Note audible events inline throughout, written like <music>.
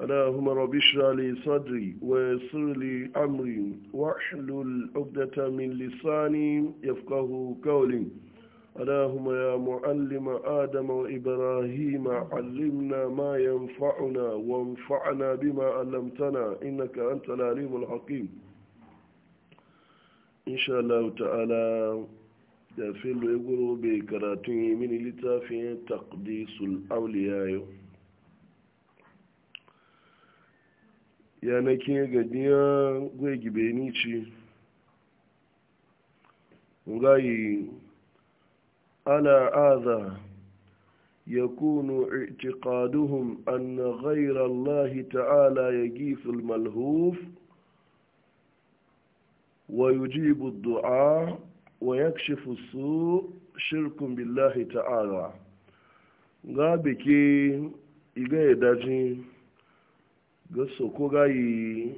اللهم رب اشرح لي صدري ويسر لي امري واحلل عقدة من لساني يفقه قولي اللهم يا معلم ادم وابراهيم علمنا ما ينفعنا وانفعنا بما علمتنا انك انت العليم الحكيم ان شاء الله تعالى da filo بكراتي من لتافي تقديس الاولياء yanakin ga niya gwai gibe ni ce ngayi ala aza ya kunu itikaduhun anna ghairallahi ta'ala ya giful malhuf wa yujibu du'a wa yakshifu su shirku billahi ta'ala gabike igaye dajin gaso ko gayi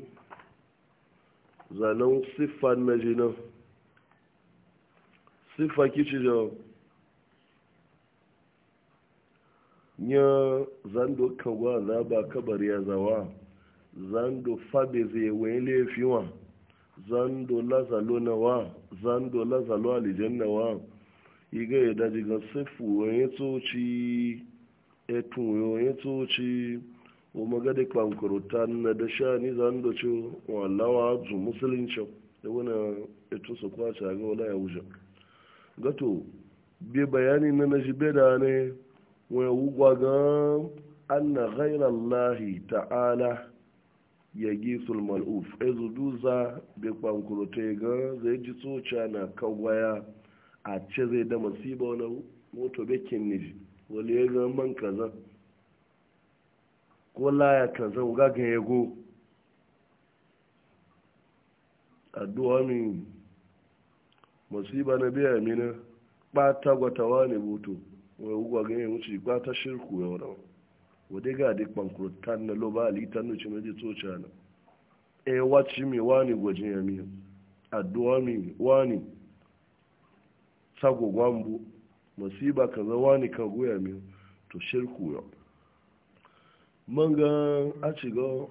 zanen siffa na jinan siffa kici da ya zando kagwa na ba kabar ya zawa zando fabe zai wani laifiwa zando lazalo na wa zando lazalo alijanna wa iga ya daji ga siffu wani tsoci etun wani tsoci ga magadi kwankuruta na da sha ni zan da ce wallawa zu musulunci da wani ito su kwace ga wala ya wuce gato bi bayani na na jibe da ne wani wugwa ga anna ghairallahi ta'ala ya gi sulmal'uf ezu za bi kwankuruta ga zai ji tsoca na kagwaya a ce zai da masiba wani moto bekin niji wale ga man kaza ko laya kan zan gagan yago addu'a min musiba na biya mina ɓata gwatawa ne buto wani ugwa ganye mutu ɓata shirku ya wani wadda ga dik bankrotan na loba alitan nuci na jito cana e wacce mai wani gwajin ya miya addu'a min wani tsago gwambu ka za wani ka ya miya to shirku yau manga a shiga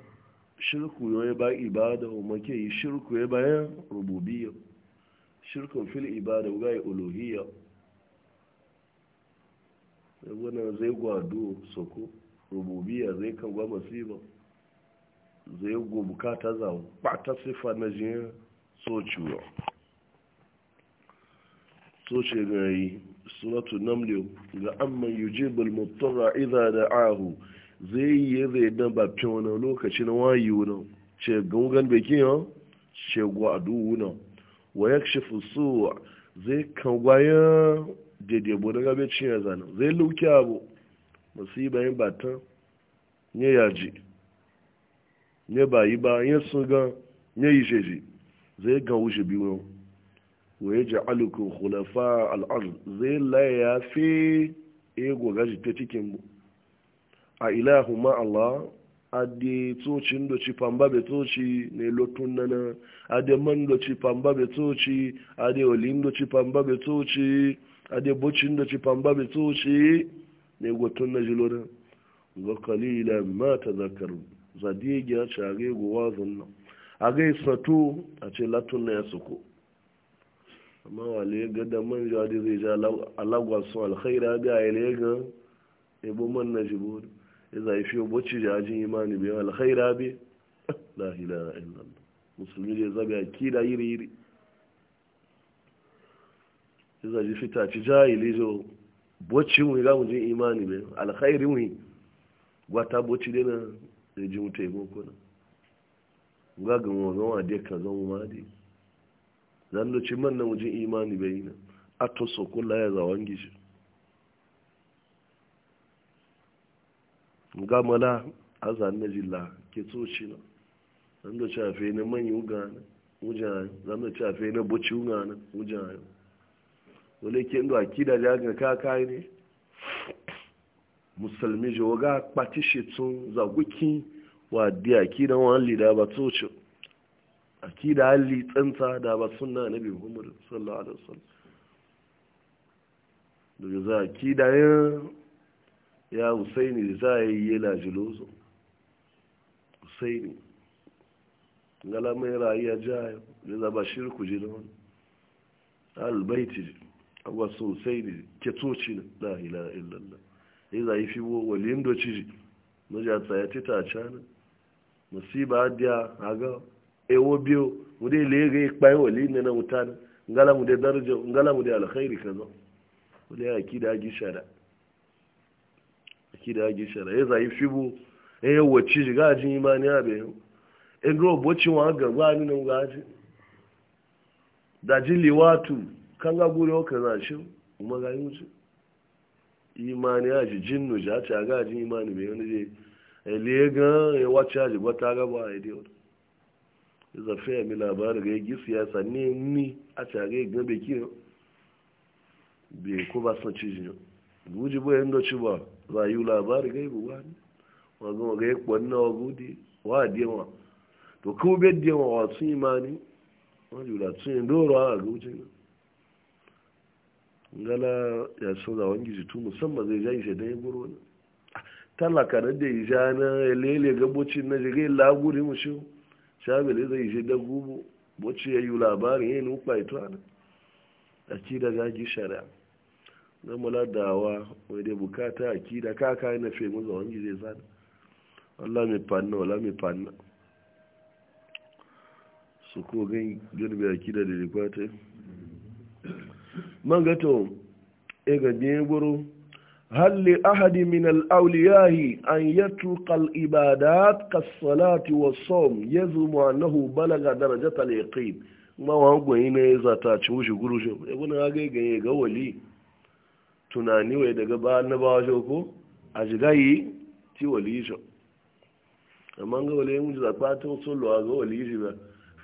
shirku ya ba ibada ke yi shirku ya bayan rububiyya shirkun fil ibada ga yi uluhiyya wannan zai gwado soko rububiyya zai kan gwa masiba zai go bukata za ta sifa na jin sociyo soce ga yi suratul namliyo ga amma yujibul mutarra idza ahu zai yi zai dan ba fi wani lokaci na wayi wunan ce gungan bikin yau ce gwadu wunan wa ya kashi fusuwa zai kan gwaya daidai bu na gabe cin ya zanen zai luki abu masu yi bayan batan ya yaji ba bayi ba ya sun gan ya yi sheji zai gan wuce biyu wa ya ji alukun hulafa al'adu zai laya fi ego gaji ta cikin mu a ilahu ma Allah adi tsoci ndoci pamba be tsoci ne lotun nana adi man ndoci pamba be tsoci adi oli ndoci pamba be tsoci adi boci ndoci pamba be tsoci ne gotun na jilona ga kalila ma ta zakaru ci a cage gowa zunna a gai sato a ce latun na ya suko amma wale ga da man jadi zai ji alagwasun alkhaira ga ya lega ebo man na jibori zai fi bocci da ajin imani bai alkhaira bi <laughs> la ilaha illallah musulmi da yiri yiri za ji fita ci jahili zo bocci mu ga mu je imani bai alkhairi mu wata bocci da na da ji mu taimako na ga ga mu ga wade ka zo mu madi zan da man na mu je imani bai na ato sokolla ya zawangi shi gamala a zanen jila ke tsoci na zan da shafe na manyan gane wujayen zan da na buci gane wale ke ndo akida ja ga kaka ne musulmi je waga kpati shi tun zaguki wa di akida wa halli da ba tsoci akida halli tsanta da ba sunna nabi muhammad sallallahu alaihi wasallam daga za akida yin ya husaini za a yi yana jilozo husaini mai rayuwa jayo da zaba shirku ji na wani albaiti agwa sosai husaini ketoci na ila illallah ya za yi fi walin doci na jata ya tita cana musiba adiya ga ewo ile mude lege ikpai walin ne na mutane ngala mude daraja ngala mude alkhairi zo wale ya kida gishara kida gishara ya zayi fibu ya yi wacce ji gajin imani abe in rob wacce wa ga gwani nan gaji daji ji liwatu kan ga gure oka na shi kuma ga yuci imani ya ji jinnu ji a ci a gajin imani bai wani je ele ga ya wacce ya ji gwata gaba a idiyar iza fiye mi labarin ga egi siyasa ne ni a ci a ga ya gina bai kiyo bai ko ba san cijin yau guji bo rayu labari gai buwa ne wa gama ga yakwa na wa gudi wa diyanwa to kuma bai diyanwa wa sun yi mani wani yula sun yi doro a gaucin ngala ya sun zawon gizi tu musamman zai jayi shaidan ya goro ne talaka na da ija na lele ga bocin na jigai laguri mu shi shabele zai je da gubo boci ya yi labarin yin ukpa ito ana a ci daga gaji shari'a na muladawa wai dai bukata a kida kaka na fe mu zawon gide zan Allah mai fanna wala mai fanna su ko gan girbe a kida da rikwata man gato e ga biyan guru هل لأحد من الأولياء أن يترك الإبادات كالصلاة والصوم يزعم أنه بلغ درجة اليقين ما هو هنا إذا تاتشوش قروش يقول هذا ga wali. tunani wai daga ba na ba shi ko a shiga yi ti wali shi amma ga wale mun za ta to so lo ga wali ba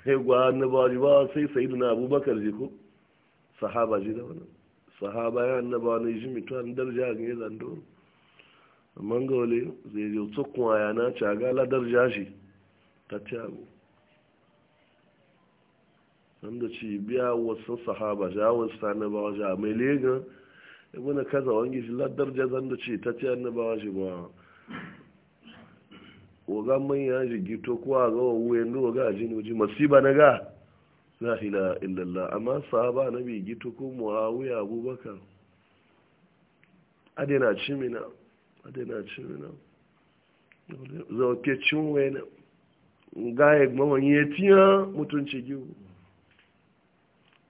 sai gwa na ba shi ba sai sayyidina abubakar ji ko sahaba ji da wannan sahaba ya annaba ne shi mutan darja ga zan do amma ga wale zai yi to kuma ya na ta ga la darja shi ta tiago nan da ci biya wasu sahaba ja wasu sanabawa ja mai legan muna kaza wangi shi ladar jazan da ce ta ce bawa shi ba waga manya jigi gito kuwa ga wuya ndu waga a jini waje masiba na ga la ila illallah amma sahaba na bi gito ko muawiya abubakar adena cimina adina cimina zo ke cinwe na ga ya wani ya tiya mutunci giwu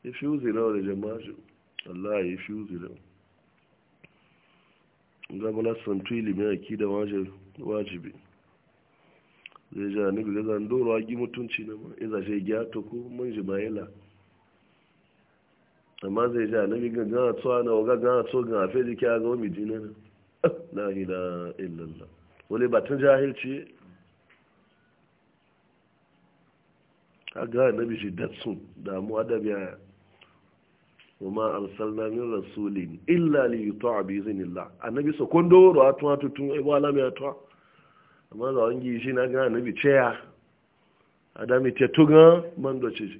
ya fi uzi na wani jama'a Allah ya fi uzira wa gabalar santu ilimi aki da wajibi zai ja ni ga zan doro agi mutunci na ma iza shi gya to ko mun ji bayila amma zai ja ni ga ga tsawa na ga ga tsawa ga fe ji kya ga mi dina <laughs> la ilaha illallah wale batun jahilci kaga nabi shi datsun damuwa da biya kuma arsalna min rasulin illa li yuta'a bi idhnillah annabi so kondo ro atwa tutun e wala mi atwa amma da wangi shi na ga annabi ceya adami te tuga man do ce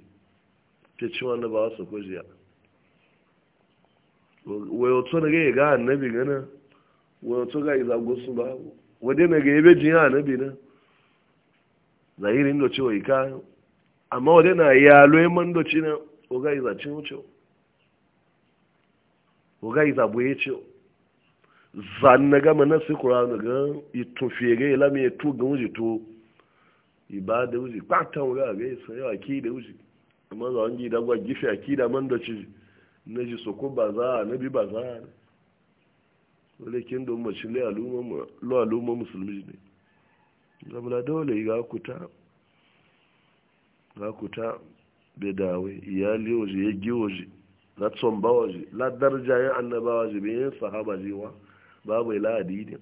te ci wanda ba so ko jiya wo yo to ne ga annabi gana wo yo to ga iza go su ba wo de ne ga ebe jin annabi na zahirin do ce wo ika amma wo de na ya lo e do ci na o ga iza cin wo ga ogai zabu ya Zan na gama na su kuranu ga itun fere lami ya tu ga wuji tu. iba da wuji kwata wuga ga ya sayo a ki da wuji amma za wani gida gwa gife a ki da man da ci na ji soko ba za a na bi ba za a ne wale kin don mace lo aluma musulmi ne zamana dole ga kuta ga kuta bai dawe iyali waje ya gi waje na tsombawa ji la darja yin annabawa ji bin sahaba ji wa babu ila adini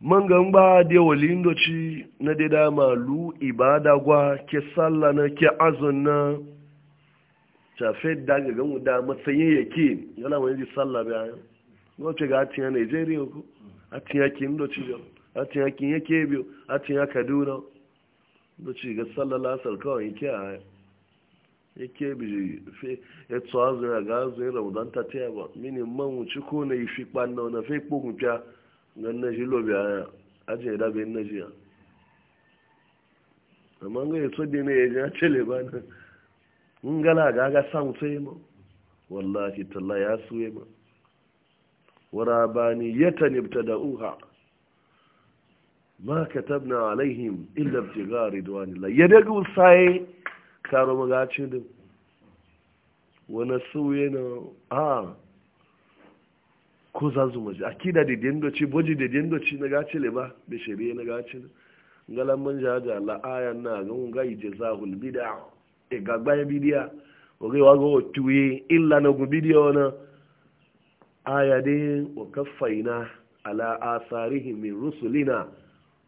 man ba da walin doci na da malu lu ibada gwa ke salla na ke azun na tafe daga gamu da matsayi yake yana wani ji salla bayan wace ga atiya nigeria ko atiya kin doci jo atiya kin yake biyo atiya kaduna doci ga salla lasar kawai yake a yake biji fe ya tsawa zira ga zai raudan ta taya ba mini man wuce ko na yi fi kwanna wani fe mu fiya nan na shi lobe a ajiyar da bai na jiya amma ga yato da ne ya ji a cele ba na in gala ga ga samu sai ma wallahi talla ya suye ma wara ba ni ya ta da uha ma katabna alaihim illa ibtigha ridwanillah ya dagu sai karo magaci da wani suye na a ko za su maji a kida da dindoci boji da dindoci na gaci le ba da na gaci da galan man jaja la'ayan na ga mun ga ije zahul bid'a e ga ya bidiya o ga wa go tuye illa na gu bidiya wani aya de wa kaffaina ala asarihim min rusulina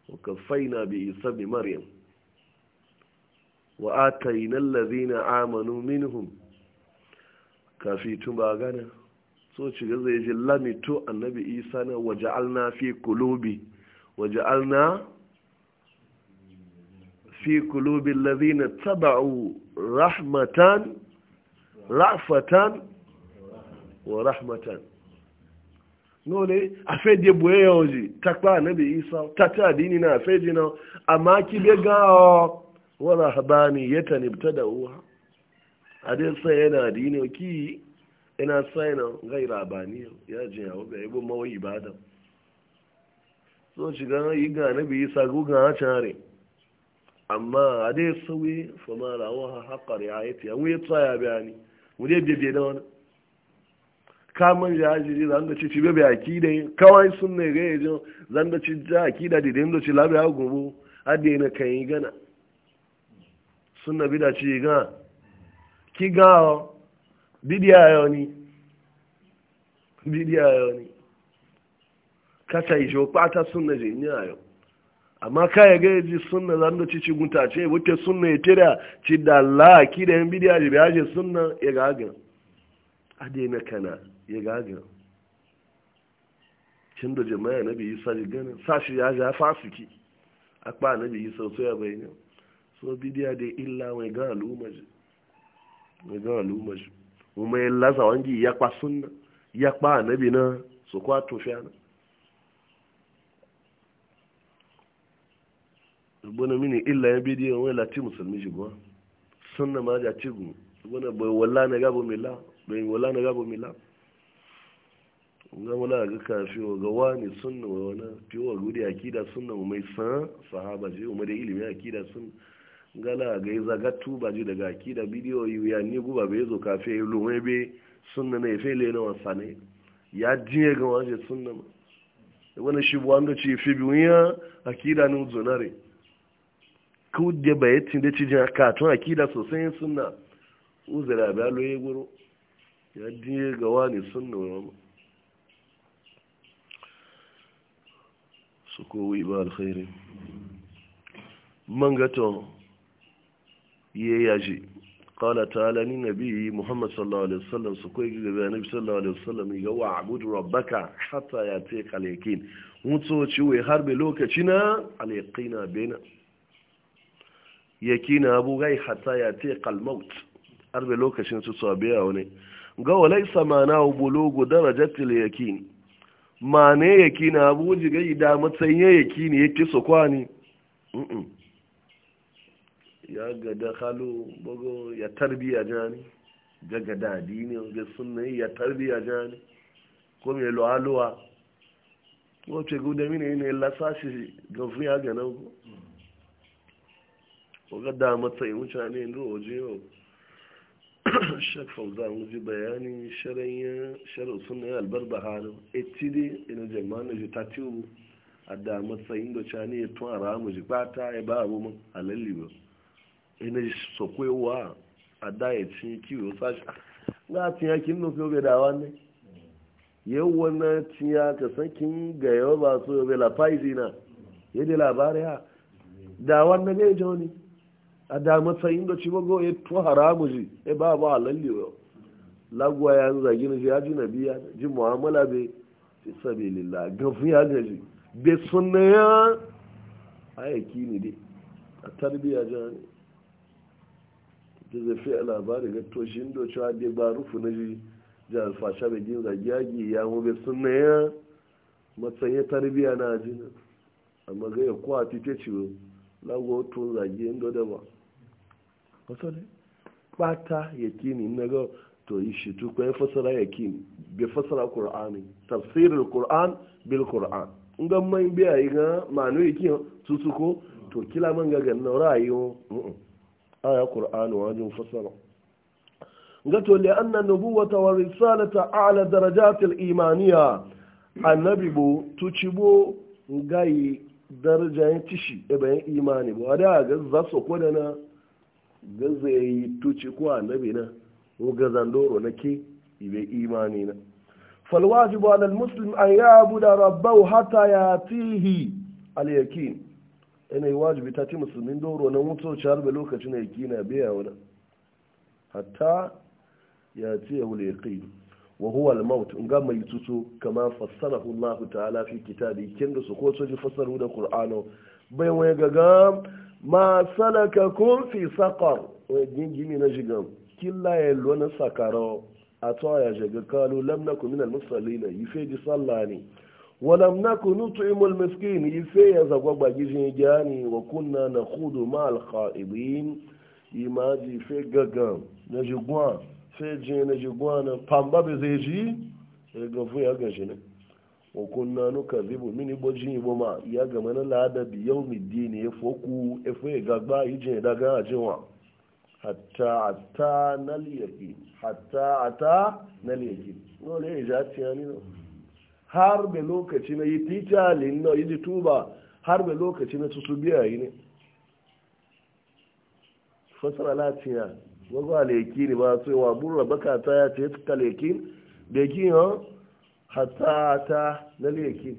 wa kaffaina bi isa bi maryam wa atayna allazina amanu minhum kafi tun ba gana so ci ga zai ji lamitu annabi isa na waja'alna fi kulubi waja'alna fi kulubi allazina taba'u rahmatan ra'fatan wa rahmatan nole afeje boye oji takpa annabi isa tata dinina na afeje na amma ki be ga wala habani ya tanibta da uwa a dai sai yana dini ki ina saina gai rabani ya ji ya wabe ya bin ibada so shiga yi ga na biyi sagu ga a care amma a dai sauye fama rawa haƙar ya haiti ya wuye tsaya bayani wuri bebe na wani kamun ya ji zan da ci ci bebe akida kawai sun ne ga yajin zan da ci ja akida da dinda ci labe ya gubu adina kan yi gana sunna bida ci ga ki o bidiya ayo e ni bidiya ayo e ni kata ijo pata suna je ni ayo amma ka ya e ga ji suna zan da cici gunta ce wuce suna ya tira ci da la ki da yan bidiya je biya je sunna ya ga ade na kana ya ga ga cin da jama'a nabi isa ji sa shi ya ja fasiki akpa nabi isa so ya bayyana so bidiya da illa mai ga al'umaji mai ga al'umaji kuma yin lasa wangi ya kwa sunna ya kwa anabi na su kwa tofiya na ibuna mini illa ya bidiya wani lati musulmi shi kuwa sunna ma ja ci gu ibuna bai wala na gabo mila bai wala na gabo mila nga mula ga kafi wa ga wani sunna wa wana fiye wa gudi akida sunna mai san sahaba ji umar da ilimi akida sunna gala ga iza ga tuba ji daga ki da bidiyo ya ni guba bai zo kafe yi lumai bai sunna na ife le na wasa ne ya jiye ga waje sunna ma wani shi buwan wanda ci fi biyu ya akida ni zonare ku da bai tin da ci jin katon akida sosai sunna uzura ba lo yi guru ya jiye ga wani sunna ma su ko wi ba alkhairi to ya yaje 'Kala ta ni nabi muhammad sallallahu alaihi wasallam su koyi ga nabi sallallahu alaihi wasallam ya wa abudu rabbaka hatta ya ce kalekin mutu ciwe har bai lokaci na alaqina bena yakina abu gai hatta ya ce kalmaut har bai lokacin su tsabiya wani ga walaysa mana bulugu darajatil yakin mane yakina abu jiga da matsayin yakini yake so kwani mm ya ga da halu bago ya tarbiya jani daga da adini ga sunna ya tarbiya jani ko me lo aluwa ko ce da mine ne la sashi ga fu ya ga nan ko ko ga da matsayin mutane ne roje yo shek fauza mu ji bayani sharaiya sharu sunna albarbahar etidi ina jama'a ta tatiwu a da matsayin da cani ya tun a ramu ji ya ba abu mun halalli ba ina so kwewa a daya ci kiwo sashi na tiya kin nufi obe da wani yawa na tiya ka sakin ga yawa ba so obe la faizi na yadda labari ha da wannan ne joni a da do ci cibago ya to haramu ji e ba ba halalli yau lagwa ya zagi na ya ji na biya ji be bai fi sabi lilla gafi ya gaji bai sunna ya ayyaki ne de a tarbiyya jani da zafi a labari ga toshin da cewa dai ba rufu na ji da alfasha bai gin zagiyagi ya mobe suna ya matsayin tarbiya na jini amma zai ya kuwa tite ciwo lagowa tun zagi inda da ba wato ne bata yakini na ga to yi shi tu ya fasara yakini bai fasara kur'ani tafsirin kur'an bil kur'an in ga mai biya yi ga manu yakin su su ko to kila man ga ganna ra'ayi aya qur'ani wajen fasara gato li anna nubuwata wa risalata a'la darajatil imaniya annabi bo tucibo gayi darajayin tishi e bayan imani bo ada ga zaso su koda na ga zai tuci ko annabi na ko ga zandoro na ke ibe imani na فالواجب على المسلم أن يعبد ربه حتى يأتيه اليقين yana yi wajibi ta ci musulmin doro na mutoci harbe lokaci na yaki na biya wani hatta ya ce ya wule yaki wa huwa al-maut in ga mai tutu kama fassarahu Allah ta'ala fi kitabi kin da su ko su ji fassaru da kur'ano bai wani gaga ma salakakum fi sakar wani na shiga killa ya lona sakarau a to ya kalu lamna nakum min al-musallina ji sallah sallani ولم نكن نطعم المسكين يفيا زقوا جيجي جاني وكنا نخوض مع الخائضين يماجي في غغام نجغوان في جي نجغوان بامبا بزيجي غفو يا غشنا وكنا نكذب من بوجي بما يا غمن لادا بيوم الدين يفوكو افو غغبا يجي دغا جوا حتى اتى نليقين حتى اتى نليقين نقول ايه جاتي يعني har me lokaci na yi tica lino yi ji tuba har me lokaci na su biya yi ne fasara latiya wazo aleki ne ba yi wa burra baka ta ya ce ta leki leki ha hata ta na leki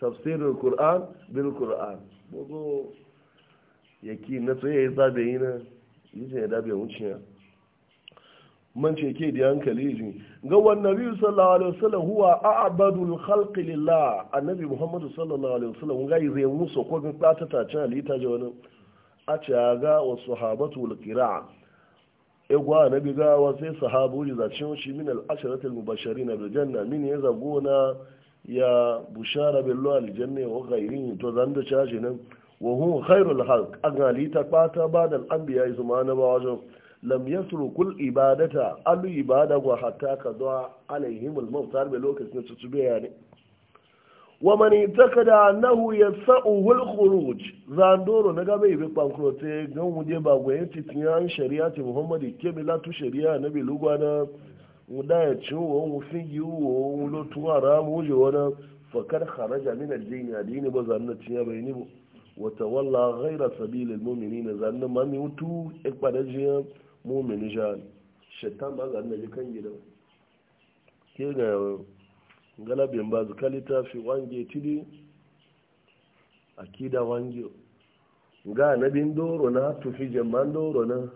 tafsirin kur'an bil kur'an wazo yaki na tsaye ya yi zabe yi na yi zai ya dabe wuciya man ce ke da yankali ji ga wannan nabi sallallahu alaihi wasallam huwa a'badul khalqi lillah annabi muhammad sallallahu alaihi wasallam ga yi remu so ko ga ta ta ta lita je wani a ce ga sahabatu al qira'a e gwa annabi ga wa sai sahabu ji zacin shi min al na mubashirin bil janna min ya zagona ya bushara bil lawal janna wa ghairin to zan da caje nan wa hum khairul khalq an ga lita ba ta ba da al anbiya zuma na ba lam yatrukul ibadata alu ibada wa hatta kadwa alaihim al-maut har be lokacin su tube ya ne wa man itakada annahu yasauhu al-khuruj zandoro na gabe be pankrote gan muje ba goyen titiyan shari'ati muhammadi kemila tu shari'a nabi lugwana mudaya ciwo mu fingi wo mu lo tuwara mu je wana fakar kharaja min al-din adini ba zanna tiya bayni bo wata walla ghaira sabilil mu'minina zanna mami mutu ikpadajiya mumini jihar shaitan ba za a naji kan gida ke ga galabin ba kalita fi wange a kida wange ga nabin doro na tufi jaman doro na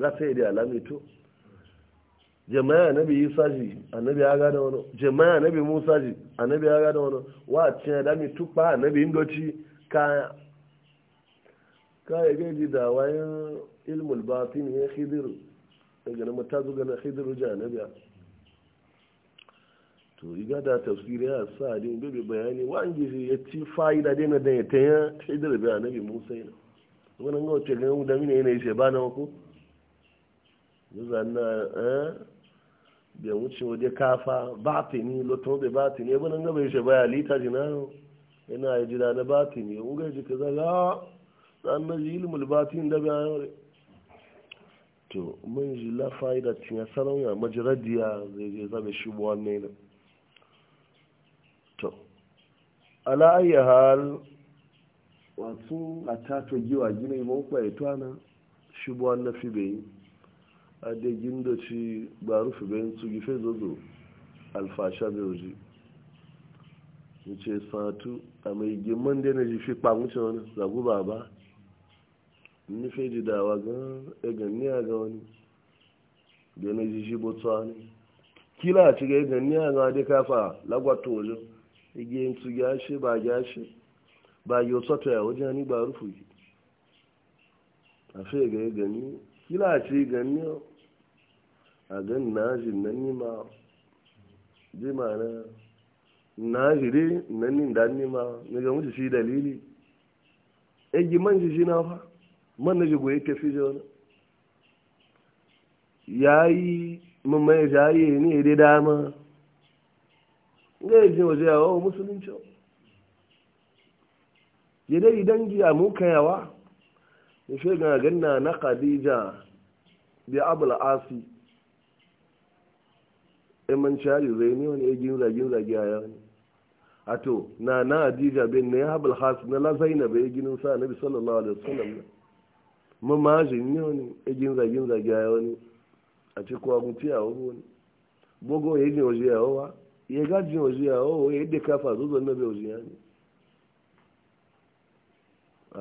ga sai da alamito jama'a annabi isa ji annabi ya gada wani jama'a annabi musa ji annabi ya gada wani wa cin adami tukpa annabi indoci ka kaya gaji da wayan ilmul batin ya khidir daga na ta zuga na khidir janabiya to iga da tafsiri ya sa din bebe bayani wa an ya ci fa'ida dai na da ya tanya khidiru bi annabi musa ina wannan ga wace ganin da mine yana ce ba na ko zanna eh bai wuce waje kafa batini lotto bai batini wannan ga bai ce ba ya lita jinano yana ji da na batini unga ji kaza da ji ilimin batin da bayan yau to mun ji la fa'ida cin ya sarauniya majiradiya zai je zabe shi buwan ne na to ala ayi hal wasu a tato giwa gina yi mawukwa ya ana shi buwan na fi bai a da gindo ci ba rufe bayan su gife zozo alfasha bai waje ce satu a mai gimman da na ji fi kpamuce wani zagu ba ba nufe ji dawa ga eganiya ga wani da na ji shi botuwa ne kila ci ga eganiya ga wani kafa lagwata wajen igiyin e e su gashi ba gashi ba yi otu ta yawo jani ba rufu yi a fe ga e egani kila ci gani a gan naji na nima ji ma na naji dai na ni da nima na ga mutu shi dalili egi man shi shi na fa man na jigo yake e fi jona yayi mamma ya jaye ne dai dama ga yaje waje yawa musulunci ya e dai dangi a muka yawa ya e shi ga ganna na khadija bi abul asi e man shayi zai ne wani egin zagin zagi a wani ato na na adija bin ne abul has na la zainab egin sa nabi sallallahu alaihi wasallam mamajin ne wani ní wani a ci kuwa mutu ya wani wani bogo ya jin waje ya wawa ya gajin wa ya wawa ya da kafa na bai waje ya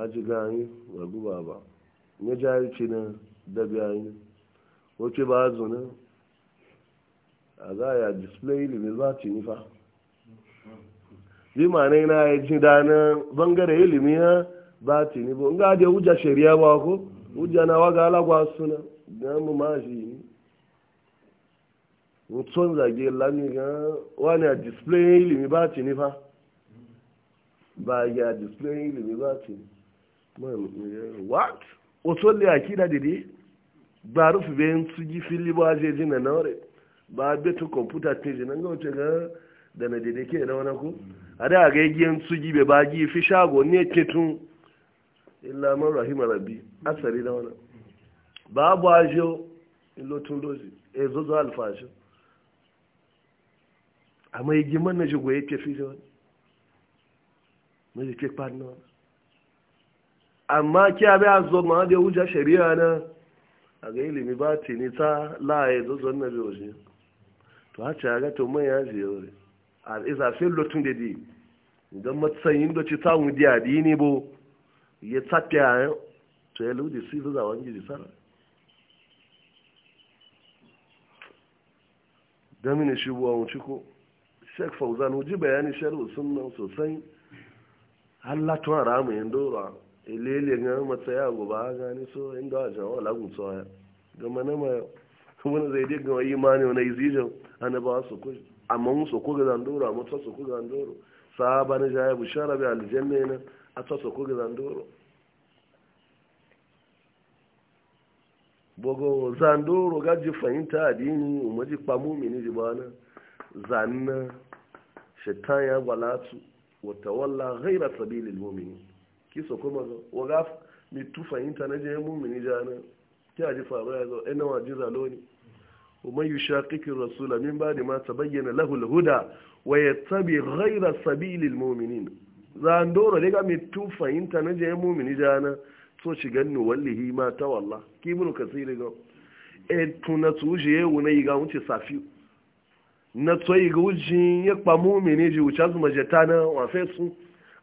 ne gani wa guba ba ya jari dabi náà yi ba zo bá a display ilimin za ci nifa bi ma na ya bangare ilimin ba ci nifa in ga hujja shari'a ba ko hujja na waga alagwa suna ga mu ma shi mutum zage lami ga wani a display ilimi ba ci ni fa ba ya display ilimi ba ci ni what wato le akida dede ba rufu bayan su ji fili ba aje jina na ware ba betu computer te jina ga wace ga da na dede ke da wani ku a da ga yi giyan su ji be ba gi fi shago ne ke tun illa man rahima rabbi asari da wani. babu ajo illo tun dozi e zo zo alfashi A yi giman na jigo ya tafi da wani na jike kwan na wani amma ki abi a zo ma da wuja shari'a na a ga ilimi ba ti ni ta la'ayi zo zo na bi waje to a ya ga to man ya je wuri a isa fi lotun da di don matsayin da ci ta wudi a dini bo ya tsafiya to ya lude si zuwa wani jisar damini shi buwa wuce ko sheik fauzan wuji bayani sharhu sunan sosai halatuwa ramu yin dora ilele ga matsaya gobe gani so inda a jawo lagun tsawaya gama na ma wani zai dai ga imani wani izijin ana ba su ku amma mun ku ga zandora amma su ku ko ga zandoro sahaba na jaya shara bi aljanna yana a tsoso ko zandoro bogo zandoro gaji fahimta adini umaji kpamu mini jibana zanna shaitan ya gwalatu wata walla ghaira sabilil mu'minin kiso kuma waga mitu fahimta na je mu'mini jana ki aji faru ya zo ina waji zaloni ومن يشاقق الرسول من بعد ما تبين له الهدى ويتبع غير سبيل المؤمنين zandoro daga mai tufa inta na je mumini jana so ci ganni wallahi ma ta walla ki bunu kasiri ga e tuna tuje yewu na yiga wuce safi na tsoyi ga wuji ya kpa mumini ji wuce azuma jeta na wafe su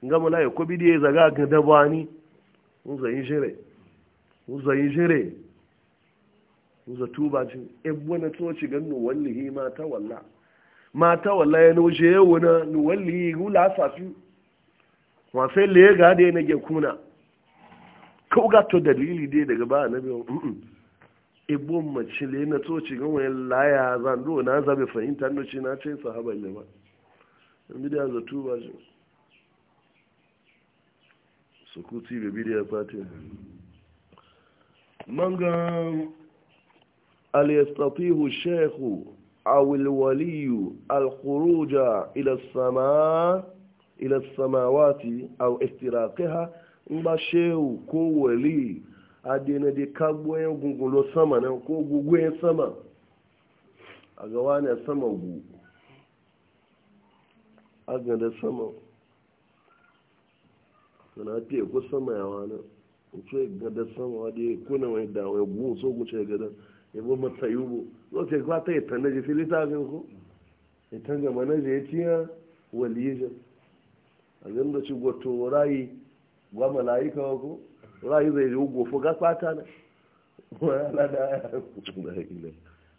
nga mala ya kobi da zaga ga dabani uzo yin jire uzo yin jire uzo tuba jin e bona to ci ganni wallahi ma ta walla ma ta walla ya no je yewu na wallahi gula safi wasai le ga da yana ke kuna ka uga to dalili dai daga ba na biyu Ibon mace le na to ci gan wani laya zan do na zabe fahimta no ci na ce sahaba ne ba in da za tu ba ji su kuti be bidiya fatin manga al yastatihu shehu aw al waliyu ila sama samaa ila samawati au istiraqiha ngba shehu ko wali adina de kagbo gungulo sama na ko gugu sama a ga wani sama gu a ga sama sana e sama ya wani ce e ga e da sama wani kuna wani da wani gu ga da ya bo matsayi bu zo kwata ya tanaji filita ko ya a zan da ci goto rayi gwa malaika ko rayi zai yi gofo ga kwata na wala da ya ila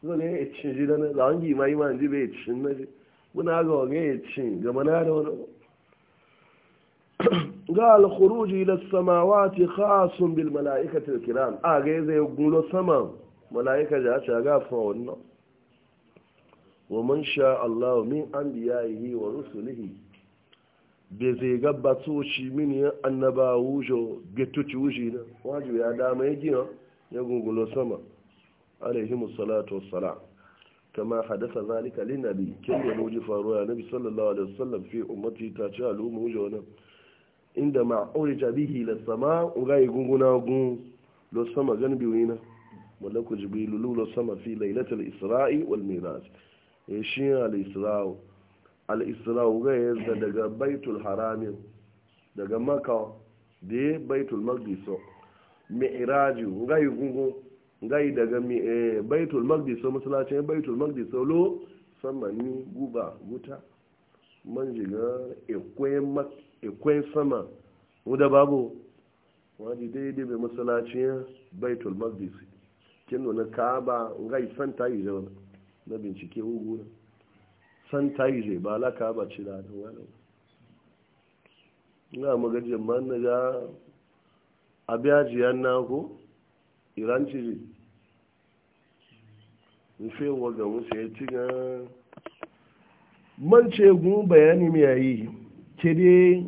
zan yi cin ji nan da hangi mai ma ji bai cin na ji muna ga wani ya cin ga mana da wani ga al-khuruj ila as-samawati khasun bil malaikati al-kiram a ga zai gulo sama malaika ja ta ga fa wannan wa man sha Allah min anbiya'ihi wa rusulihi bai zai gaba shi mini annaba wujo getuci wuji na wajo ya dama ya gina ya gungulo sama alaihimu salatu wassalam kama hadasa zalika lin nabi kin da faruwa ya nabi sallallahu alaihi wasallam fi ummati ta ci al'umma wujo na inda ma urija bihi la sama ugai gunguna gun lo sama gan biwina mallaku jibrilu lo sama fi lailatul isra'i wal miraj e shi al al'isra'u ga daga baitul haramin daga maka da baitul magdiso mi'iraji ga yi gungun ga daga eh, baitul magdiso masalacin baitul magdiso lo samani guba guta man jiga ikwe sama wadda babu wadda daidai mai masalacin baitul magdiso kin nuna ka'aba ga yi santa yi zaune na bincike hukuna san tayi zai ba laka ba ci da hannun wani na magajin ma na ga abiyajiyar na ko iran ci zai nufe waga wuce ya ci ga mance gun bayani mai yayi ke dai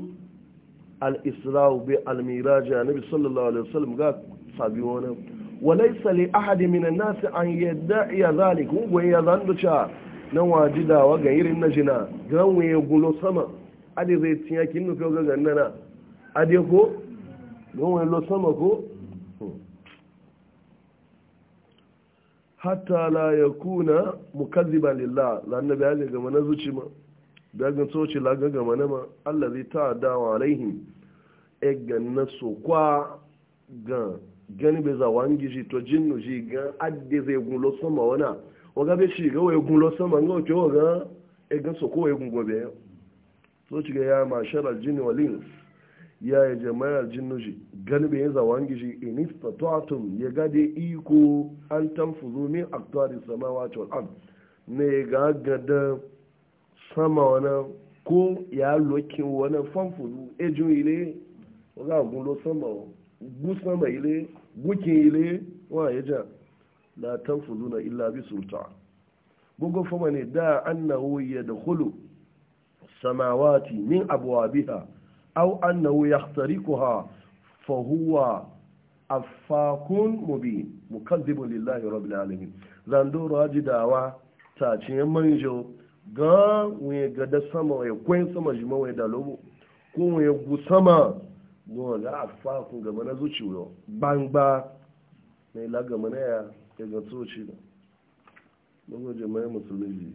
al-isra'u bi al-miraji annabi sallallahu alaihi wasallam ga sabi wani walaisa li ahadi minan nasi an yadda iya zalikun gun ya zan duca nan waji dawa ga irin na jina ganwe ya gulo sama adi zai tiya kin nufi ga gannana adi ko ganwe lo sama ko hmm. hatta la ya yakuna mukazziban lillah lannabi ya ga mana zuci ma ga soci la ga ga mana ma allazi dawa alaihim e ganna so kwa ga gani be za wangi ji to jinnu ji ga adde zai gulo sama wana waga bai shi ga egun lo sama ga oke waga egun so ko egun gobe so ci ga ya mashar aljin walin ya yi jama'ar aljin nuji gani bai yin zawon gishi inistatuatum ya gade iko an tan fudu min a aktari sama wa wato al'am ne ga gada sama wani ko ya lokin fudu famfuzo ejun ile waga agun lo sama gun sama ile gukin ile wa ya ja la tanfuzuna illa bi sultan gogo fama ne da annahu yadkhulu samawati min abwabiha aw annahu yakhtariquha fa huwa afakun mubin mukazzibun lillahi rabbil alamin Zando ajidawa ta ce manjo ga wuye ga da sama ya kwen sama jima wuye da lobo ko wuye gu sama don ga afakun gaba na zuciyo bangba mai lagama na ya ya ga tsoci na bugu jama'i musulmi ji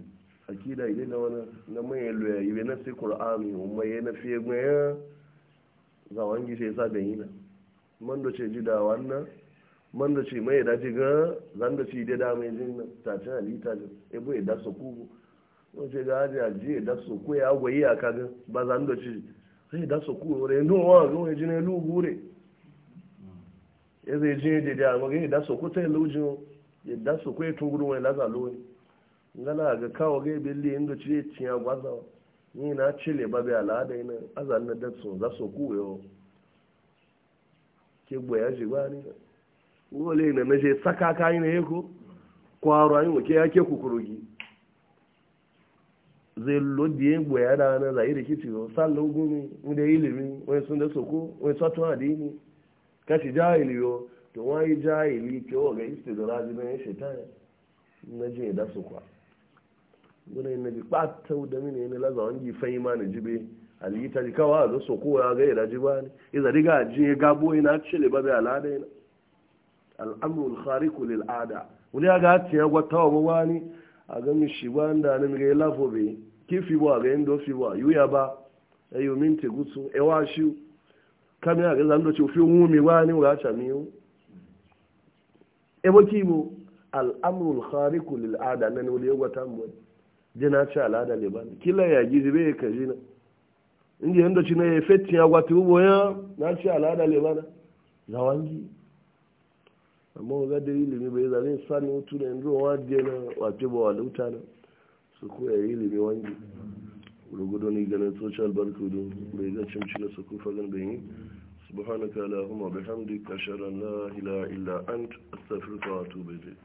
akida ile na wani na mai loya ibe na sai qur'ani o ya na fiye maya za wangi sai sa da yina man da ce ji da wannan man da ce mai dace ga zan da ci da mai jin ta ta alita da e boye da su ku no ce ga aje aje da su ku ya goyi aka kaga ba zan da ci sai da su ku re no wa go je ne lu gure e zai je da da ga da su ku ta lu jin yadda su kwaye tun gudun lazalo ne gana ga kawo gai belle yin gaci ya ciya gwaza ni na cile ba al'ada yana azal na datsun za su kuwa yau ke gbaya ji ba ne wale na na je saka kayan ya ko kwaro an yi wake ya ke kukurugi zai lodi ya gbaya da na zai irikisi kiti yau sallan gumi inda ilimi wani sun da soko wani satuwa da yi ne kashi jahili to yi jahili ke wa ga istidraji na yin shaitani na jin da su kwa wani na ji ɓata da mini yana wani wangi fai ma na jibe alita ji kawa ga so ko ya ga ya ji ba ne iza diga ji ya gabo cile ba bai al'ada yana al'amrul khariku lil ada wani ya ga gwata wa a shi da lafo fi kifi ba ga fi ba yuya ba ayo minti gutsu ewa shi ga zan ebo kibo al'amrul khariqu lil ada nan wuli yogo je na cha al'ada le ban kila ya gizi be ka jina inji hendo na ya feti ya gwati bo ya na cha al'ada le na zawangi amma ga da ilimi bai zane sani mutu da yanzu wa jena wa tibo wa lutana su ko ya ilimi wangi rugudo ni ganin social barkudu bai ga cimci na su kufa gan bayin subhanaka allahumma bihamdika ashhadu an la ilaha illa ant astaghfiruka wa atubu ilayk